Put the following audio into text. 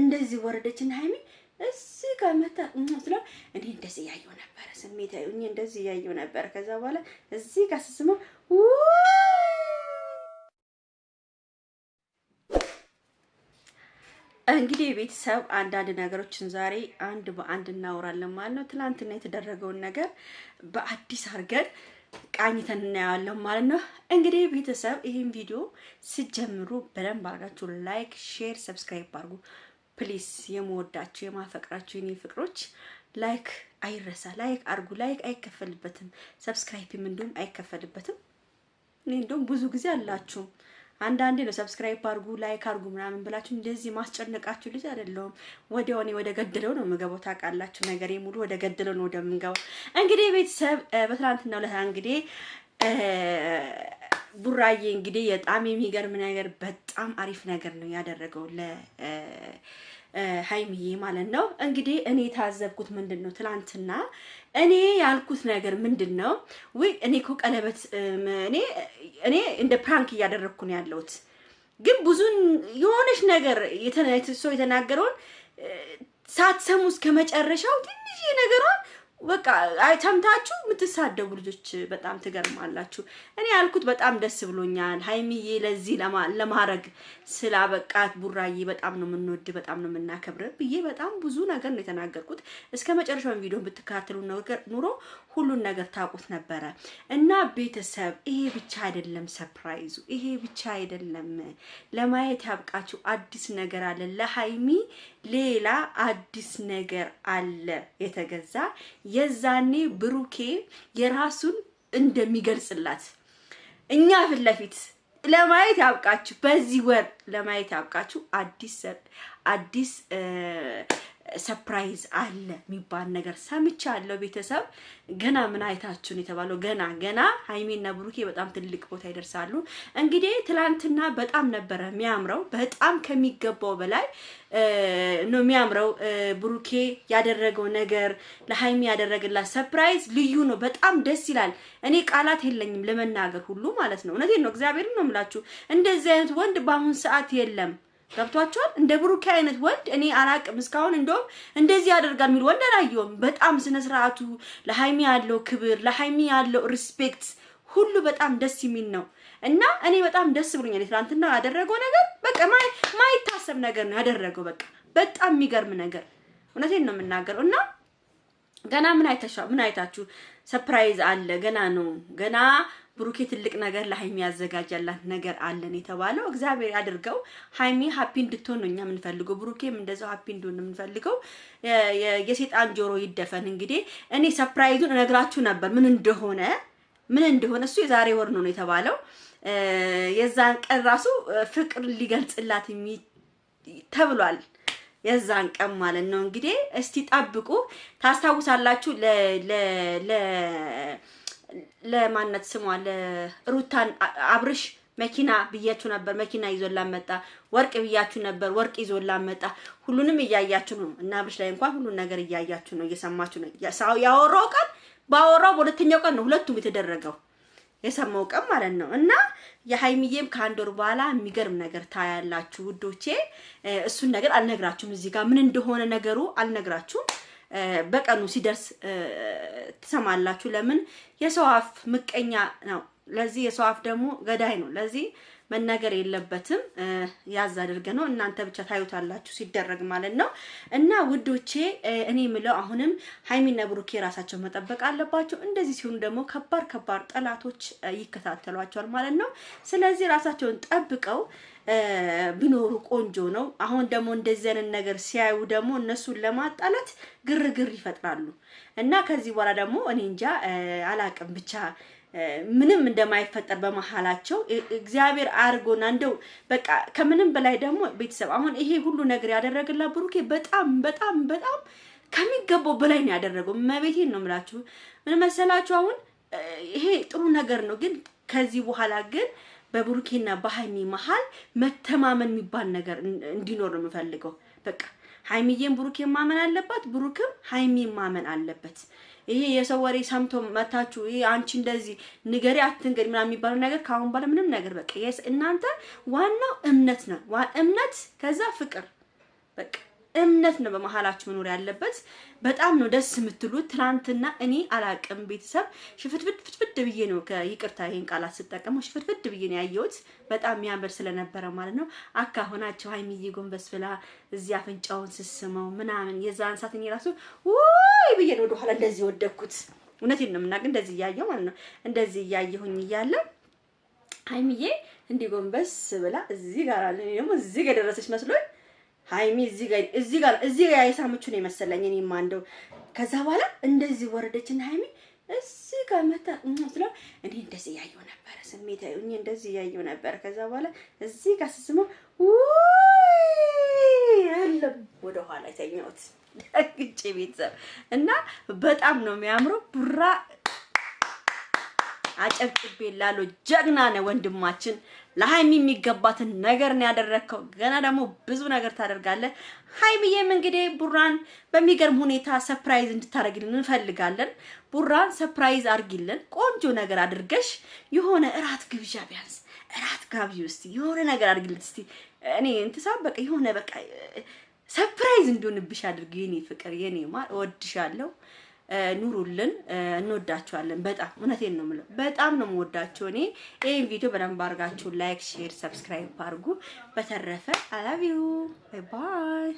እንደዚህ ወረደችና ሀይሚ እዚህ ጋር መታ ስለ እኔ እንደዚህ እያየሁ ነበረ ስሜት እኔ እንደዚህ እያየሁ ነበረ። ከዛ በኋላ እዚህ ጋር ስስመው እንግዲህ የቤተሰብ አንዳንድ ነገሮችን ዛሬ አንድ በአንድ እናወራለን ማለት ነው። ትናንትና የተደረገውን ነገር በአዲስ አድርገን ቃኝተን እናየዋለን ማለት ነው። እንግዲህ ቤተሰብ ይህን ቪዲዮ ሲጀምሩ በደንብ አድርጋችሁ ላይክ፣ ሼር፣ ሰብስክራይብ አድርጉ። ፕሊስ የምወዳችሁ የማፈቅራችሁ የኔ ፍቅሮች ላይክ አይረሳ፣ ላይክ አርጉ። ላይክ አይከፈልበትም፣ ሰብስክራይብም እንዲሁም አይከፈልበትም። እኔ እንደውም ብዙ ጊዜ አላችሁ አንዳንዴ ነው ሰብስክራይብ አርጉ ላይክ አርጉ ምናምን ብላችሁ እንደዚህ ማስጨነቃችሁ ልጅ አይደለሁም። ወዲያው እኔ ወደ ገደለው ነው የምገባው። ታውቃላችሁ፣ ነገሬ ሙሉ ወደ ገደለው ነው ወደምገባው። እንግዲህ ቤተሰብ በትናንትናው ዕለት እንግዲህ ቡራዬ እንግዲህ በጣም የሚገርም ነገር በጣም አሪፍ ነገር ነው ያደረገው ለ ሀይሚዬ ማለት ነው። እንግዲህ እኔ የታዘብኩት ምንድን ነው ትናንትና እኔ ያልኩት ነገር ምንድን ነው? ውይ እኔ እኮ ቀለበት እኔ እንደ ፕራንክ እያደረግኩ ነው ያለሁት፣ ግን ብዙን የሆነች ነገር ሰው የተናገረውን ሳትሰሙ እስከ መጨረሻው ትንሽ ነገሯን በቃ አይተምታችሁ የምትሳደቡ ልጆች በጣም ትገርማላችሁ። እኔ ያልኩት በጣም ደስ ብሎኛል። ሀይሚዬ ለዚህ ለማድረግ ስላበቃት ቡራዬ በጣም ነው የምንወድ፣ በጣም ነው የምናከብረ ብዬ በጣም ብዙ ነገር ነው የተናገርኩት። እስከ መጨረሻውን ቪዲዮ ብትከታተሉ ኑሮ ሁሉን ነገር ታውቁት ነበረ እና ቤተሰብ፣ ይሄ ብቻ አይደለም ሰፕራይዙ፣ ይሄ ብቻ አይደለም። ለማየት ያብቃችሁ። አዲስ ነገር አለ ለሀይሚ ሌላ አዲስ ነገር አለ የተገዛ የዛኔ ብሩኬ የራሱን እንደሚገልጽላት እኛ ፊት ለፊት ለማየት ያብቃችሁ። በዚህ ወር ለማየት ያብቃችሁ። አዲስ አዲስ ሰፕራይዝ አለ የሚባል ነገር ሰምቻ ያለው ቤተሰብ ገና ምን አይታችሁን የተባለው ገና ገና ሀይሜና ብሩኬ በጣም ትልቅ ቦታ ይደርሳሉ። እንግዲህ ትላንትና በጣም ነበረ የሚያምረው፣ በጣም ከሚገባው በላይ ነው የሚያምረው። ብሩኬ ያደረገው ነገር ለሀይሜ ያደረገላት ሰፕራይዝ ልዩ ነው። በጣም ደስ ይላል። እኔ ቃላት የለኝም ለመናገር ሁሉ ማለት ነው። እውነቴን ነው፣ እግዚአብሔርን ነው የምላችሁ። እንደዚህ አይነት ወንድ በአሁን ሰዓት የለም። ገብቷቸዋል። እንደ ብሩኬ አይነት ወንድ እኔ አላቅም። እስካሁን እንደውም እንደዚህ ያደርጋል የሚል ወንድ አላየውም። በጣም ስነ ስርዓቱ፣ ለሀይሚ ያለው ክብር፣ ለሀይሚ ያለው ሪስፔክት ሁሉ በጣም ደስ የሚል ነው እና እኔ በጣም ደስ ብሎኛል። ትናንትና ያደረገው ነገር በቃ ማይታሰብ ነገር ነው ያደረገው። በቃ በጣም የሚገርም ነገር እውነቴን ነው የምናገረው እና ገና ምን አይታችሁ ሰፕራይዝ አለ። ገና ነው ገና ብሩኬ ትልቅ ነገር ለሀይሚ ያዘጋጃላት ነገር አለን የተባለው እግዚአብሔር ያድርገው። ሀይሚ ሀፒ እንድትሆን ነው እኛ የምንፈልገው፣ ብሩኬም እንደዛው ሀፒ እንድሆን ነው የምንፈልገው። የሴጣን ጆሮ ይደፈን። እንግዲህ እኔ ሰፕራይዙን እነግራችሁ ነበር ምን እንደሆነ ምን እንደሆነ እሱ የዛሬ ወር ነው የተባለው። የዛን ቀን ራሱ ፍቅር ሊገልጽላት ተብሏል። የዛን ቀን ማለት ነው እንግዲህ እስቲ ጠብቁ። ታስታውሳላችሁ ለማነት ስሟ ለሩታን አብርሽ መኪና ብያችሁ ነበር። መኪና ይዞላን መጣ። ወርቅ ብያችሁ ነበር። ወርቅ ይዞላን መጣ። ሁሉንም እያያችሁ ነው። እና አብርሽ ላይ እንኳን ሁሉን ነገር እያያችሁ ነው፣ እየሰማችሁ ነው። ያወራው ቀን ባወራው በሁለተኛው ቀን ነው ሁለቱም የተደረገው። የሰማው ቀን ማለት ነው። እና የሀይሚዬም ከአንድ ወር በኋላ የሚገርም ነገር ታያላችሁ ውዶቼ። እሱን ነገር አልነግራችሁም፣ እዚህ ጋር ምን እንደሆነ ነገሩ አልነግራችሁም። በቀኑ ሲደርስ ትሰማላችሁ። ለምን የሰው አፍ ምቀኛ ነው። ለዚህ የሰው አፍ ደግሞ ገዳይ ነው። ለዚህ መነገር የለበትም። ያዝ አድርገ ነው እናንተ ብቻ ታዩታላችሁ ሲደረግ ማለት ነው። እና ውዶቼ እኔ ምለው አሁንም ሀይሚና ብሩኬ ራሳቸው መጠበቅ አለባቸው። እንደዚህ ሲሆኑ ደግሞ ከባድ ከባድ ጠላቶች ይከታተሏቸዋል ማለት ነው። ስለዚህ ራሳቸውን ጠብቀው ቢኖሩ ቆንጆ ነው። አሁን ደግሞ እንደዚህ አይነት ነገር ሲያዩ ደግሞ እነሱን ለማጣላት ግርግር ይፈጥራሉ እና ከዚህ በኋላ ደግሞ እኔ እንጃ አላቅም ብቻ ምንም እንደማይፈጠር በመሀላቸው እግዚአብሔር አድርጎና እንደው በቃ ከምንም በላይ ደግሞ ቤተሰብ አሁን ይሄ ሁሉ ነገር ያደረገላ ብሩኬ በጣም በጣም በጣም ከሚገባው በላይ ነው ያደረገው። መቤቴን ነው ምላችሁ። ምን መሰላችሁ አሁን ይሄ ጥሩ ነገር ነው፣ ግን ከዚህ በኋላ ግን በብሩኬና በሀይሚ መሀል መተማመን የሚባል ነገር እንዲኖር ነው የምፈልገው። በቃ ሀይሚዬን ብሩኬን ማመን አለባት፣ ብሩክም ሀይሚን ማመን አለበት። ይሄ የሰው ወሬ ሰምቶ መታችሁ ይሄ አንቺ እንደዚህ ንገሪ አትንገሪ ምናምን የሚባለው ነገር ከአሁን በኋላ ምንም ነገር በቃ የስ እናንተ ዋናው እምነት ነው። እምነት ከዛ ፍቅር በቃ እምነት ነው በመሀላችሁ መኖር ያለበት። በጣም ነው ደስ የምትሉት። ትናንትና እኔ አላቅም ቤተሰብ ሽፍትፍት ፍትፍት ብዬ ነው ከይቅርታ ይሄን ቃላት ስጠቀመው ሽፍትፍት ብዬ ነው ያየሁት። በጣም የሚያምር ስለነበረ ማለት ነው። አካ ሆናቸው ሀይሚዬ ጎንበስ ብላ እዚህ አፍንጫውን ስስመው ምናምን የዛን ሰዓት እኔ ራሱ አይ ብዬ ነው ወደኋላ እንደዚህ ወደኩት። እውነቴን ነው የምናገር እንደዚህ እያየሁ ማለት ነው። እንደዚህ እያየሁኝ እያለ ሀይሚዬ እንዲህ ጎንበስ ብላ እዚህ ጋር አለ ደግሞ እዚህ ጋር የደረሰች መስሎኝ ሀይሚ እዚህ ጋር እዚህ ጋር እዚህ ጋር የሳመችው ነው የመሰለኝ። እኔ ማንደው ከዛ በኋላ እንደዚህ ወረደችና ሀይሚ እዚህ ጋር መታ ስለ እኔ እንደዚህ እያየሁ ነበረ ስሜት እኔ እንደዚህ እያየሁ ነበረ። ከዛ በኋላ እዚህ ጋር ስስመው ቤተሰብ እና በጣም ነው የሚያምረው። ቡራ አጨብጭቤ ላለው ጀግና ነው ወንድማችን። ለሀይሚ የሚገባትን ነገር ነው ያደረግከው። ገና ደግሞ ብዙ ነገር ታደርጋለህ። ሀይሚዬም እንግዲህ ቡራን በሚገርም ሁኔታ ሰፕራይዝ እንድታደርግልን እንፈልጋለን። ቡራን ሰፕራይዝ አድርጊልን። ቆንጆ ነገር አድርገሽ የሆነ እራት ግብዣ ቢያንስ እራት ጋብዥ ውስጥ የሆነ ነገር አድርጊለት እስቲ እኔ እንትሳ በቃ የሆነ በቃ ሰርፕራይዝ እንዲሆንብሽ አድርጊ። የኔ ፍቅር፣ የኔ ማር፣ እወድሻለሁ። ኑሩልን፣ እንወዳችኋለን። በጣም እውነቴን ነው የምለው፣ በጣም ነው የምወዳቸው። እኔ ይህን ቪዲዮ በደንብ አድርጋችሁ ላይክ፣ ሼር፣ ሰብስክራይብ አድርጉ። በተረፈ አላቪው ባይ ባይ